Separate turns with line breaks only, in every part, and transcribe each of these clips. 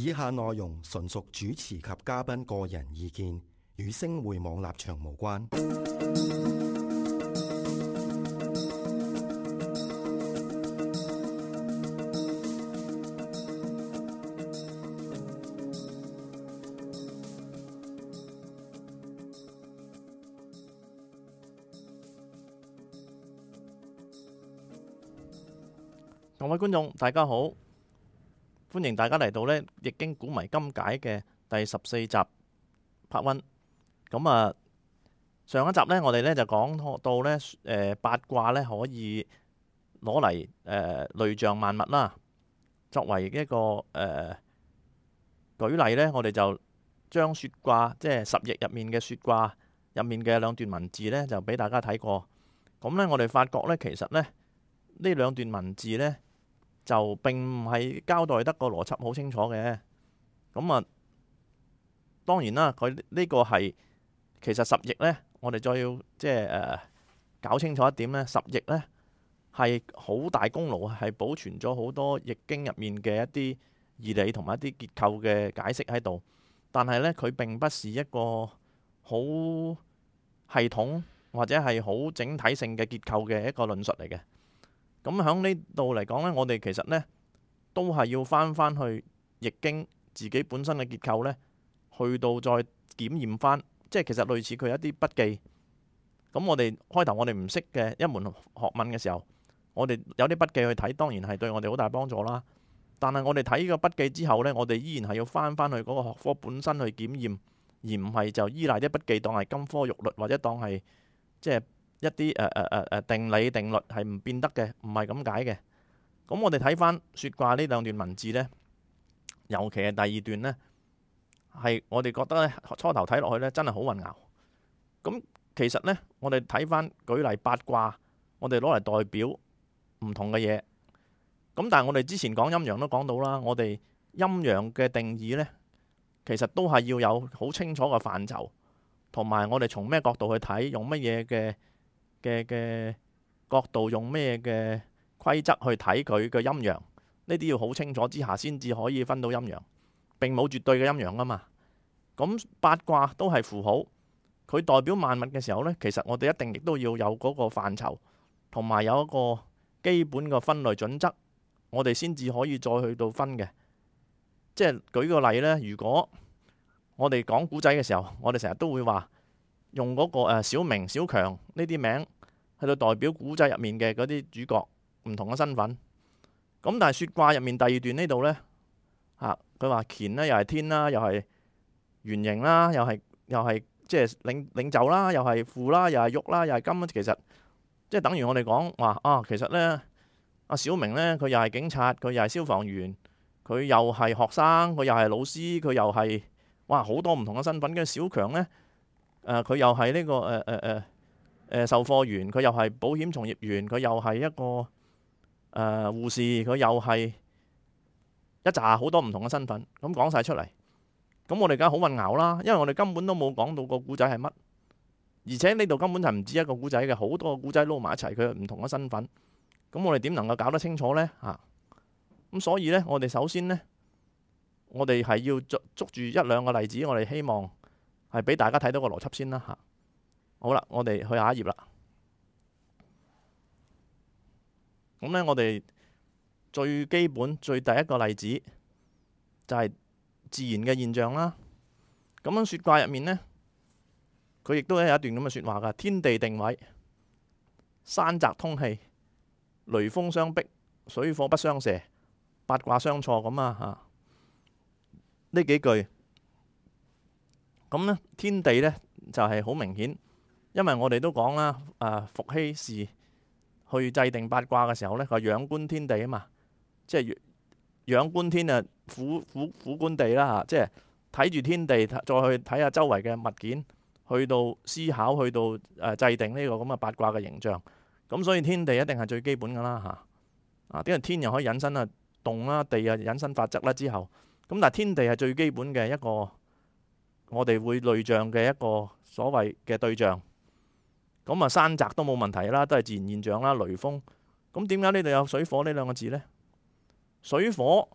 以下內容純屬主持及嘉賓個人意見，與星匯網立場無關。各位觀眾，大家好。歡迎大家嚟到呢《易經古謎今解》嘅第十四集 Part 1。咁啊，上一集呢，我哋呢就講到呢誒八卦呢可以攞嚟誒類象萬物啦。作為一個誒、呃、舉例呢，我哋就將說卦，即、就、係、是、十翼入面嘅說卦入面嘅兩,兩段文字呢，就俾大家睇過。咁呢，我哋發覺呢，其實呢，呢兩段文字呢。就並唔係交代得個邏輯好清楚嘅，咁啊，當然啦，佢呢個係其實十翼呢，我哋再要即係、呃、搞清楚一點呢，十翼呢係好大功勞，係保存咗好多易經入面嘅一啲義理同埋一啲結構嘅解釋喺度，但係呢，佢並不是一個好系統或者係好整體性嘅結構嘅一個論述嚟嘅。咁響呢度嚟講呢，我哋其實呢都係要翻翻去易經自己本身嘅結構呢，去到再檢驗翻，即係其實類似佢一啲筆記。咁我哋開頭我哋唔識嘅一門學問嘅時候，我哋有啲筆記去睇，當然係對我哋好大幫助啦。但係我哋睇呢個筆記之後呢，我哋依然係要翻翻去嗰個學科本身去檢驗，而唔係就依賴啲筆記當係金科玉律，或者當係即係。一啲誒誒誒誒定理定律係唔變得嘅，唔係咁解嘅。咁我哋睇翻説卦呢兩段文字呢，尤其係第二段呢，係我哋覺得咧初頭睇落去咧真係好混淆。咁其實呢，我哋睇翻舉例八卦，我哋攞嚟代表唔同嘅嘢。咁但係我哋之前講陰陽都講到啦，我哋陰陽嘅定義呢，其實都係要有好清楚嘅範疇，同埋我哋從咩角度去睇，用乜嘢嘅。嘅嘅角度用咩嘅規則去睇佢嘅陰陽？呢啲要好清楚之下先至可以分到陰陽。並冇絕對嘅陰陽啊嘛。咁八卦都係符號，佢代表萬物嘅時候咧，其實我哋一定亦都要有嗰個範疇，同埋有一個基本嘅分類準則，我哋先至可以再去到分嘅。即係舉個例咧，如果我哋講古仔嘅時候，我哋成日都會話。用嗰個誒小明、小強呢啲名去到代表古仔入面嘅嗰啲主角唔同嘅身份。咁但係説卦入面第二段呢度呢，吓佢話乾呢又係天啦，又係圓形啦，又係又係即係領領袖啦，又係父啦，又係玉啦，又係金。其實即係、就是、等於我哋講話啊，其實呢，阿小明呢，佢又係警察，佢又係消防員，佢又係學生，佢又係老師，佢又係哇好多唔同嘅身份。跟住小強呢。誒佢、呃、又係呢、呢個誒誒誒誒售貨員，佢又係保險從業員，佢又係一個誒、呃、護士，佢又係一紮好多唔同嘅身份，咁講晒出嚟，咁我哋梗係好混淆啦，因為我哋根本都冇講到個古仔係乜，而且呢度根本就唔止一個古仔嘅，好多個古仔撈埋一齊，佢唔同嘅身份，咁我哋點能夠搞得清楚呢？嚇、啊，咁所以呢，我哋首先呢，我哋係要捉捉住一兩個例子，我哋希望。係俾大家睇到個邏輯先啦。吓，好啦，我哋去下一頁啦。咁咧，我哋最基本最第一個例子就係自然嘅現象啦。咁樣，《說卦》入面呢，佢亦都有一段咁嘅說話噶：天地定位，山澤通氣，雷風相逼，水火不相射，八卦相錯咁啊！吓呢幾句。咁咧，天地咧就係、是、好明顯，因為我哋都講啦，誒伏羲氏去制定八卦嘅時候咧，佢仰觀天地啊嘛，即係仰觀天啊，俯俯俯觀地啦嚇，即係睇住天地再去睇下周圍嘅物件，去到思考，去到誒制定呢個咁嘅八卦嘅形象。咁所以天地一定係最基本噶啦吓，啊，因為天又可以引申啊動啦，地又引申法則啦之後，咁但係天地係最基本嘅一個我哋會類象嘅一個所謂嘅對象，咁啊，山澤都冇問題啦，都係自然現象啦。雷風，咁點解呢度有水火呢兩個字呢？水火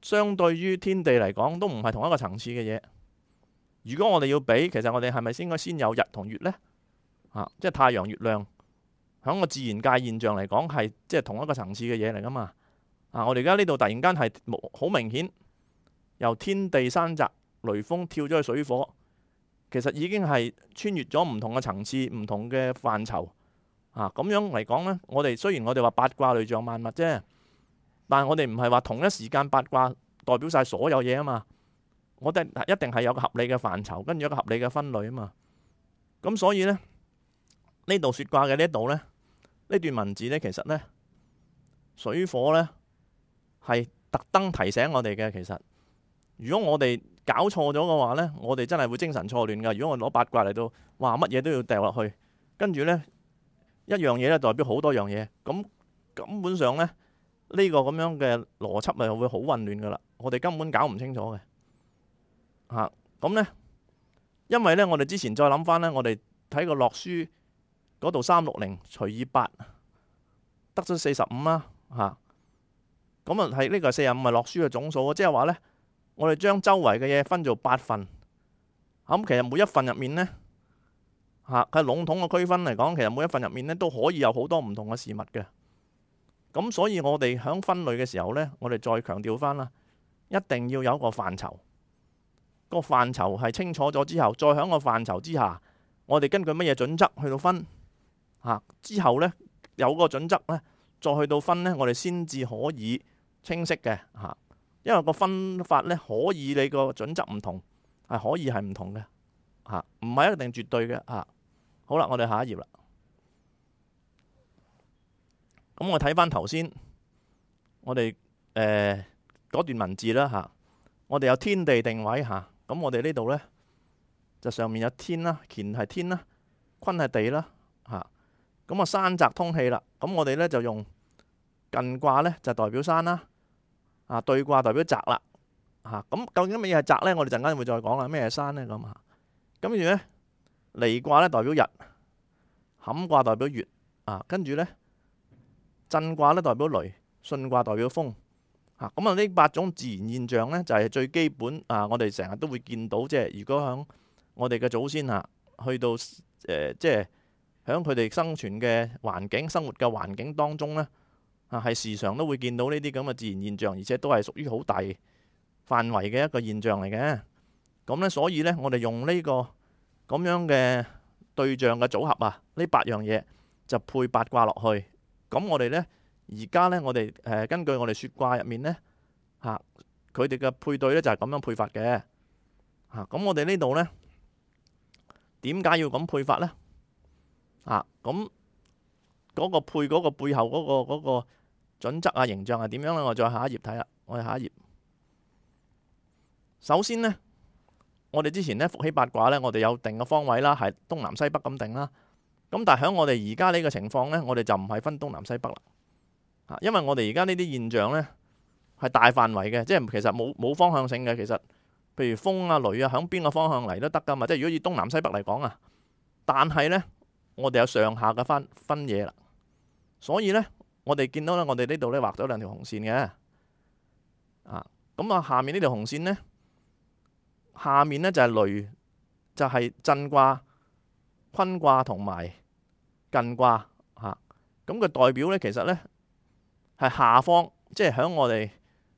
相對於天地嚟講，都唔係同一個層次嘅嘢。如果我哋要比，其實我哋係咪先應該先有日同月呢？啊，即係太陽、月亮，喺個自然界現象嚟講係即係同一個層次嘅嘢嚟噶嘛？啊，我哋而家呢度突然間係好明顯由天地山澤。雷風跳咗去水火，其實已經係穿越咗唔同嘅層次、唔同嘅範疇啊。咁樣嚟講呢，我哋雖然我哋話八卦類象萬物啫，但係我哋唔係話同一時間八卦代表晒所有嘢啊嘛。我哋一定係有個合理嘅範疇，跟住有個合理嘅分類啊嘛。咁所以呢，呢度說卦嘅呢度呢，呢段文字呢，其實呢，水火呢係特登提醒我哋嘅。其實如果我哋搞錯咗嘅話呢，我哋真係會精神錯亂㗎。如果我攞八卦嚟到話，乜嘢都要掉落去，跟住呢一樣嘢咧代表好多樣嘢。咁根本上呢，呢、這個咁樣嘅邏輯咪會好混亂㗎啦。我哋根本搞唔清楚嘅嚇。咁、啊、咧，因為呢，我哋之前再諗翻、啊這個、呢，我哋睇個洛書嗰度三六零除以八，得咗四十五啦嚇。咁啊係呢個四十五係洛書嘅總數，即係話呢。我哋將周圍嘅嘢分做八份，咁其實每一份入面呢，嚇，佢籠統嘅區分嚟講，其實每一份入面呢，都可以有好多唔同嘅事物嘅。咁所以我哋喺分類嘅時候呢，我哋再強調翻啦，一定要有一個範疇。個範疇係清楚咗之後，再喺個範疇之下，我哋根據乜嘢準則去到分，嚇之後呢，有個準則呢，再去到分呢，我哋先至可以清晰嘅嚇。因為個分法咧可以，你個準則唔同，係可以係唔同嘅嚇，唔係一定絕對嘅嚇。好啦，我哋下一頁啦。咁我睇翻頭先，我哋誒嗰段文字啦吓，我哋有天地定位吓，咁我哋呢度咧就上面有天啦，乾係天啦，坤係地啦吓，咁啊山澤通氣啦。咁我哋咧就用艮卦咧就代表山啦。啊，兌卦代表澤啦，啊，咁究竟咩嘢係澤咧？我哋陣間會再講啦。咩嘢係山咧咁啊？咁跟住咧，離卦咧代表日，坎卦代表月，啊，跟住咧震卦咧代表雷，巽卦代表風，啊，咁啊呢八種自然現象咧就係、是、最基本啊，我哋成日都會見到，即係如果響我哋嘅祖先啊，去到誒、呃，即係響佢哋生存嘅環境、生活嘅環境當中咧。啊，係時常都會見到呢啲咁嘅自然現象，而且都係屬於好大範圍嘅一個現象嚟嘅。咁、啊、咧，所以咧，我哋用呢、呢個咁樣嘅對象嘅組合啊，呢八樣嘢就配八卦落去。咁我哋咧，而家咧，我哋誒、呃、根據我哋説卦入面咧，嚇佢哋嘅配對咧就係咁樣配法嘅。嚇咁我哋呢度咧，點解要咁配法咧？啊咁。啊嗰個配嗰個背後嗰個嗰個準則啊、形象係點樣咧？我再下一頁睇下。我哋下一頁，首先呢，我哋之前呢，伏羲八卦呢，我哋有定個方位啦，係東南西北咁定啦。咁但係喺我哋而家呢個情況呢，我哋就唔係分東南西北啦。因為我哋而家呢啲現象呢係大範圍嘅，即係其實冇冇方向性嘅。其實譬如風啊、雷啊，響邊個方向嚟都得㗎嘛。即係如果以東南西北嚟講啊，但係呢，我哋有上下嘅分分野啦。所以咧，我哋見到咧，我哋呢度咧畫咗兩條紅線嘅，啊，咁啊，下面呢條紅線咧，下面咧就係雷，就係震卦、坤卦同埋艮卦嚇。咁佢代表咧，其實咧係下方，即係喺我哋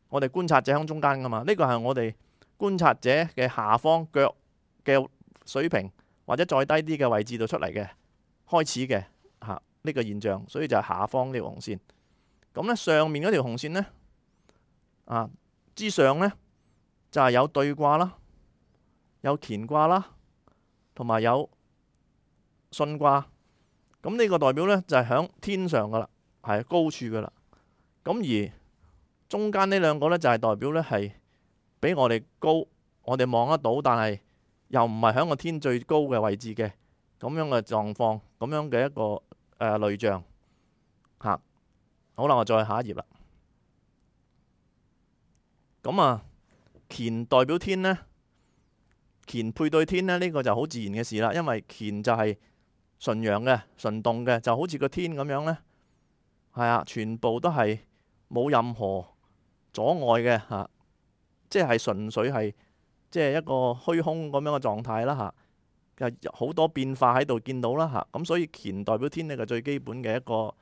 我哋觀察者喺中間噶嘛。呢個係我哋觀察者嘅下方腳嘅水平，或者再低啲嘅位置度出嚟嘅，開始嘅嚇。呢個現象，所以就係下方呢條紅線咁咧。咁上面嗰條紅線呢，啊，之上呢，就係、是、有兌卦啦，有乾卦啦，同埋有巽卦。咁呢個代表呢，就係、是、響天上噶啦，係高處噶啦。咁而中間呢兩個呢，就係、是、代表呢，係比我哋高，我哋望得到，但係又唔係響個天最高嘅位置嘅咁樣嘅狀況，咁樣嘅一個。誒雷、呃、象、啊、好啦，我再下一頁啦。咁啊，乾代表天呢，乾配對天呢，呢、這個就好自然嘅事啦。因為乾就係純陽嘅、純動嘅，就好似個天咁樣呢，係啊，全部都係冇任何阻礙嘅、啊、即係純粹係即係一個虛空咁樣嘅狀態啦、啊有好多變化喺度見到啦嚇，咁所以乾代表天呢個最基本嘅一個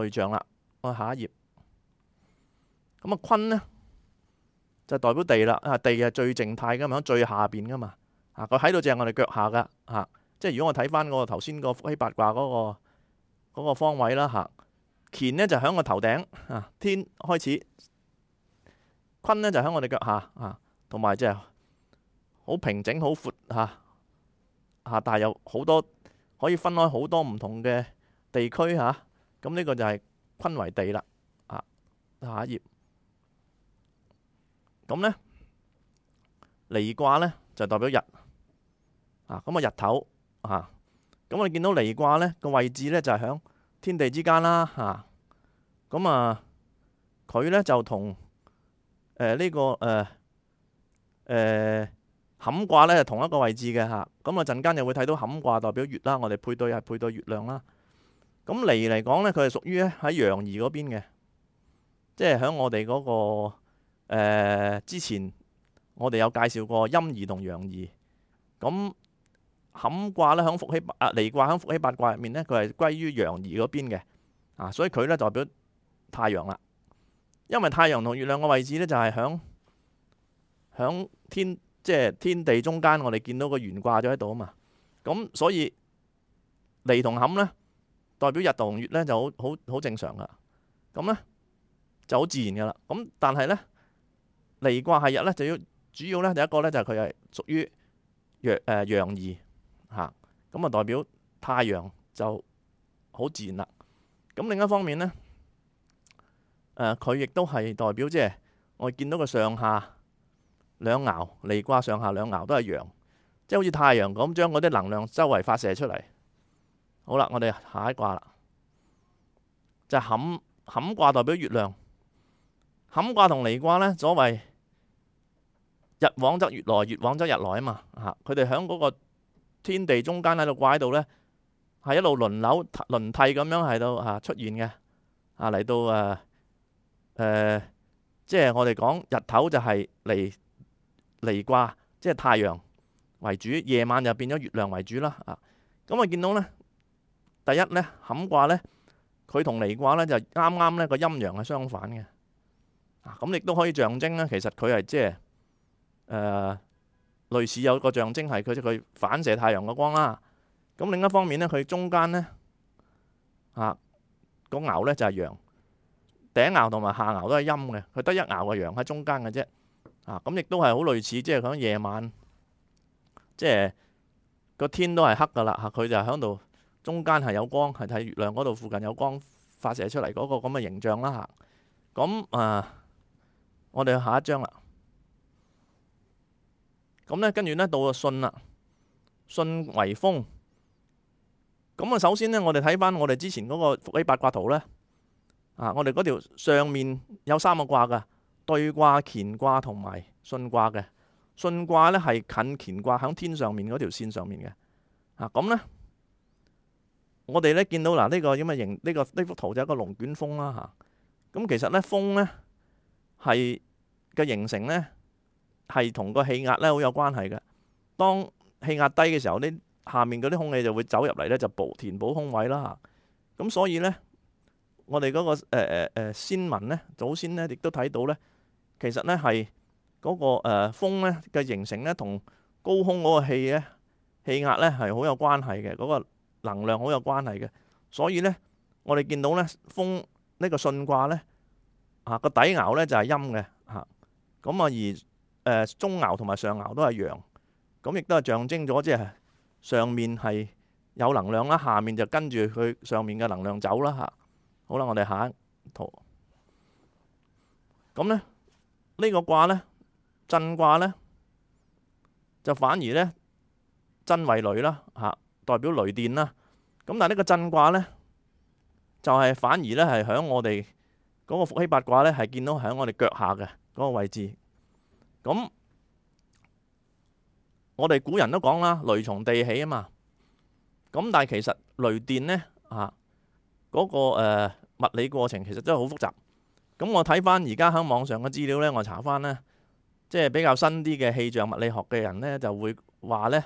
類象啦。我下一頁，咁啊坤呢，就代表地啦，啊地係最靜態嘅，喺最下邊噶嘛，啊佢喺度就係我哋腳下噶嚇，即係如果我睇翻我頭先個伏羲八卦嗰個方位啦嚇，乾呢就喺我頭頂啊天開始，坤呢就喺我哋腳下啊，同埋即係好平整、好闊嚇。啊！但係有好多可以分開好多唔同嘅地區嚇，咁呢個就係坤為地啦。啊，下一頁，咁咧離卦咧就代表日啊，咁啊日頭啊，咁我哋見到離卦咧個位置咧就係、是、喺天地之間啦嚇，咁啊佢咧、啊、就同誒呢個誒誒。呃呃坎卦咧係同一個位置嘅吓，咁啊陣間又會睇到坎卦代表月啦。我哋配對係配對月亮啦。咁離嚟講咧，佢係屬於咧喺陽儀嗰邊嘅，即係響我哋嗰、那個誒、呃、之前我哋有介紹過陰儀同陽儀，咁坎卦咧響伏羲啊，離卦響伏羲八卦入面咧，佢係歸於陽儀嗰邊嘅啊，所以佢咧代表太陽啦。因為太陽同月亮嘅位置咧就係響響天。即係天地中間，我哋見到個懸掛咗喺度啊嘛，咁所以離同坎咧，代表日同月咧就好好好正常噶，咁咧就好自然噶啦。咁但係咧，離卦係日咧，就要主要咧，第一個咧就係佢係屬於陽誒陽二吓，咁、呃、啊代表太陽就好自然啦。咁另一方面咧，誒佢亦都係代表即係我見到個上下。兩爻離卦上下兩爻都係陽，即係好似太陽咁，將嗰啲能量周圍發射出嚟。好啦，我哋下一卦啦，就係坎坎卦代表月亮。坎卦同離卦咧，所謂日往則月來，月往則日來啊嘛。吓、啊，佢哋喺嗰個天地中間喺度掛喺度咧，係一路輪流輪替咁樣喺度吓出現嘅。啊，嚟、啊、到誒誒、啊呃，即係我哋講日頭就係離。離卦即係太陽為主，夜晚就變咗月亮為主啦。啊，咁啊見到咧，第一咧坎卦咧，佢同離卦咧就啱啱咧個陰陽係相反嘅。啊，咁亦都可以象徵咧，其實佢係即係誒類似有一個象徵係佢即佢反射太陽嘅光啦。咁、啊、另一方面咧，佢中間咧啊個爻咧就係陽，頂爻同埋下爻都係陰嘅，佢得一爻嘅陽喺中間嘅啫。啊，咁亦都係好類似，即係響夜晚，即係個天都係黑噶啦。嚇，佢就響度，中間係有光，係睇月亮嗰度附近有光發射出嚟嗰個咁嘅形象啦。嚇，咁啊，我哋下一張啦。咁咧，跟住咧到巽啦，巽為風。咁啊，首先咧，我哋睇翻我哋之前嗰個伏羲八卦圖咧，啊，我哋嗰條上面有三個卦噶。對卦、乾卦同埋巽卦嘅，巽卦咧係近乾卦，喺天上面嗰條線上面嘅啊，咁咧，我哋咧見到嗱，呢個咁嘅形，呢個呢幅圖就係一個龍捲風啦嚇。咁其實咧風咧係嘅形成咧係同個氣壓咧好有關係嘅。當氣壓低嘅時候，呢下面嗰啲空氣就會走入嚟咧，就補填補空位啦嚇。咁所以咧。我哋嗰個誒誒誒先民咧，祖先咧，亦都睇到咧，其實咧係嗰個誒風咧嘅形成咧，同高空嗰個氣咧氣壓咧係好有關係嘅，嗰個能量好有關係嘅。所以咧，我哋見到咧風呢個巽卦咧啊個底爻咧就係陰嘅嚇，咁啊而誒中爻同埋上爻都係陽，咁亦都係象徵咗即係上面係有能量啦，下面就跟住佢上面嘅能量走啦嚇。好啦，我哋下一圖。咁咧，呢、這個卦咧，震卦咧，就反而咧，震為雷啦，吓、啊，代表雷電啦。咁、啊、但係呢個震卦咧，就係、是、反而咧，係響我哋嗰個伏羲八卦咧，係見到響我哋腳下嘅嗰個位置。咁、啊，我哋古人都講啦，雷從地起啊嘛。咁、啊、但係其實雷電咧，吓、啊。嗰、那個、呃、物理過程其實真係好複雜。咁我睇翻而家喺網上嘅資料咧，我查翻咧，即係比較新啲嘅氣象物理學嘅人咧就會話咧，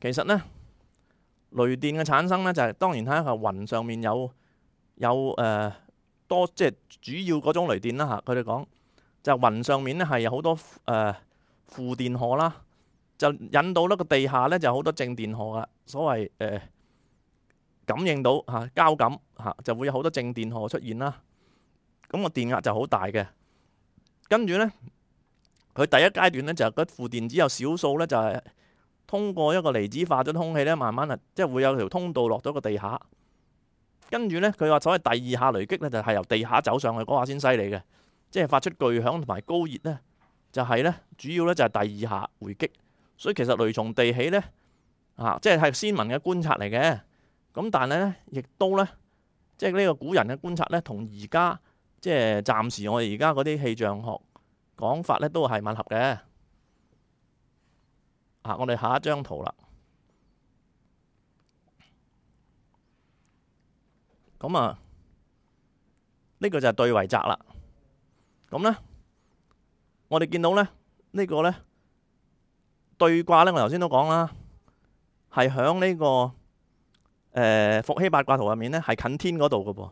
其實咧雷電嘅產生咧就係、是、當然睇下雲上面有有誒、呃、多，即係主要嗰種雷電啦嚇。佢哋講就係、雲上面咧係有好多誒負、呃、電荷啦，就引到呢個地下咧就好多正電荷啊。所謂誒、呃、感應到嚇、呃、交感。嚇就會有好多正電荷出現啦，咁個電壓就好大嘅。跟住呢，佢第一階段呢，就係嗰負電子有少數呢，就係通過一個離子化咗空氣呢，慢慢啊即係會有條通道落咗個地下。跟住呢，佢話所謂第二下雷擊呢，就係由地下走上去嗰下先犀利嘅，即係發出巨響同埋高熱呢，就係呢，主要呢就係第二下回擊。所以其實雷從地起呢，啊，即係係先民嘅觀察嚟嘅。咁但係呢，亦都呢。即係呢個古人嘅觀察呢，同而家即係暫時我哋而家嗰啲氣象學講法呢，都係吻合嘅。啊，我哋下一張圖啦。咁啊，呢、這個就係兌為澤啦。咁呢，我哋見到呢，呢、這個呢對卦呢，我頭先都講啦，係響呢個。誒，伏羲、呃、八卦圖入面咧係近天嗰度嘅噃，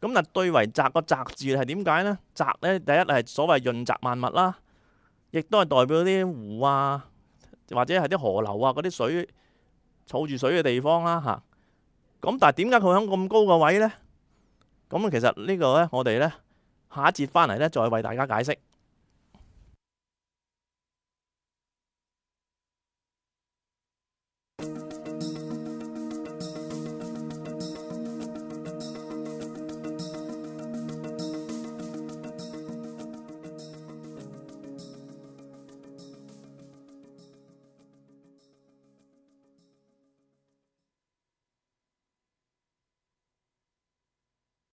咁嗱，兌為澤個澤字係點解呢？澤咧第一係所謂潤澤萬物啦，亦都係代表啲湖啊，或者係啲河流啊嗰啲水儲住水嘅地方啦，啊、吓。咁但係點解佢響咁高嘅位呢？咁其實這個呢個咧我哋咧下一節翻嚟咧再為大家解釋。